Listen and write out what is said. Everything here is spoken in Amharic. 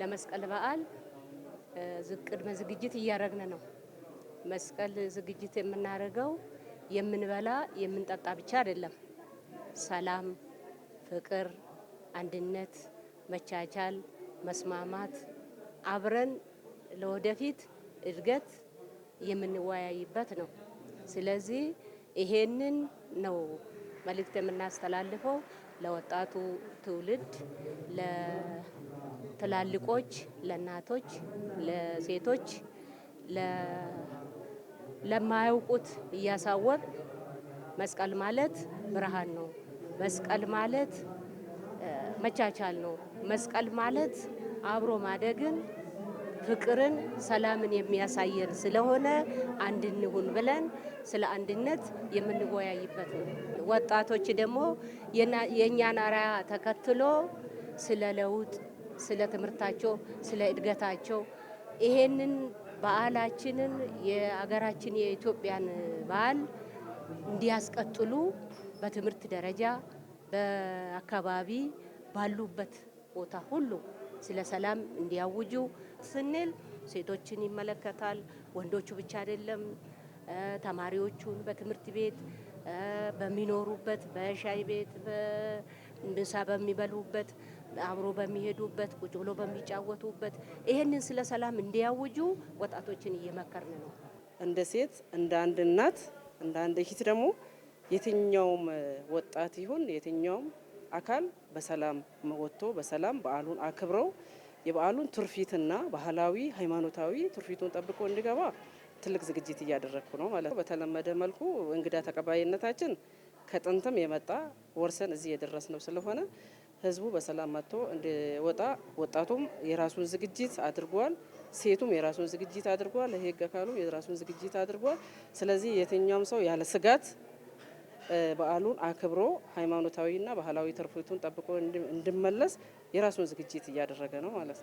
ለመስቀል በዓል ቅድመ ዝግጅት እያደረግን ነው። መስቀል ዝግጅት የምናደርገው የምንበላ የምንጠጣ ብቻ አይደለም። ሰላም፣ ፍቅር፣ አንድነት፣ መቻቻል፣ መስማማት አብረን ለወደፊት እድገት የምንወያይበት ነው። ስለዚህ ይሄንን ነው መልእክት የምናስተላልፈው። ለወጣቱ ትውልድ፣ ለትላልቆች፣ ለእናቶች፣ ለሴቶች፣ ለማያውቁት እያሳወቅ መስቀል ማለት ብርሃን ነው። መስቀል ማለት መቻቻል ነው። መስቀል ማለት አብሮ ማደግን ፍቅርን፣ ሰላምን የሚያሳየን ስለሆነ አንድ እንሁን ብለን ስለ አንድነት የምንወያይበት ነው። ወጣቶች ደግሞ የእኛን አርአያ ተከትሎ ስለ ለውጥ፣ ስለ ትምህርታቸው፣ ስለ እድገታቸው ይሄንን በዓላችንን የሀገራችን የኢትዮጵያን በዓል እንዲያስቀጥሉ በትምህርት ደረጃ በአካባቢ ባሉበት ቦታ ሁሉ ስለ ሰላም እንዲያውጁ ስንል ሴቶችን ይመለከታል። ወንዶቹ ብቻ አይደለም። ተማሪዎቹን በትምህርት ቤት በሚኖሩበት በሻይ ቤት ምሳ በሚበሉበት አብሮ በሚሄዱበት ቁጭ ብሎ በሚጫወቱበት ይህንን ስለ ሰላም እንዲያውጁ ወጣቶችን እየመከርን ነው። እንደ ሴት እንደ አንድ እናት እንደ አንድ ሂት ደግሞ የትኛውም ወጣት ይሁን የትኛውም አካል በሰላም ወጥቶ በሰላም በዓሉን አክብረው የበዓሉን ትርፊትና ባህላዊ ሃይማኖታዊ ትርፊቱን ጠብቆ እንዲገባ ትልቅ ዝግጅት እያደረግኩ ነው ማለት ነው። በተለመደ መልኩ እንግዳ ተቀባይነታችን ከጥንትም የመጣ ወርሰን እዚህ ነው ስለሆነ ህዝቡ በሰላም መጥቶ እንዲወጣ ወጣቱም የራሱን ዝግጅት አድርጓል። ሴቱም የራሱን ዝግጅት አድርጓል። ህግ አካሉም የራሱን ዝግጅት አድርጓል። ስለዚህ የትኛውም ሰው ያለ ስጋት በዓሉን አክብሮ ሃይማኖታዊና ባህላዊ ትርፊቱን ጠብቆ እንድመለስ የራሱን ዝግጅት እያደረገ ነው ማለት ነው።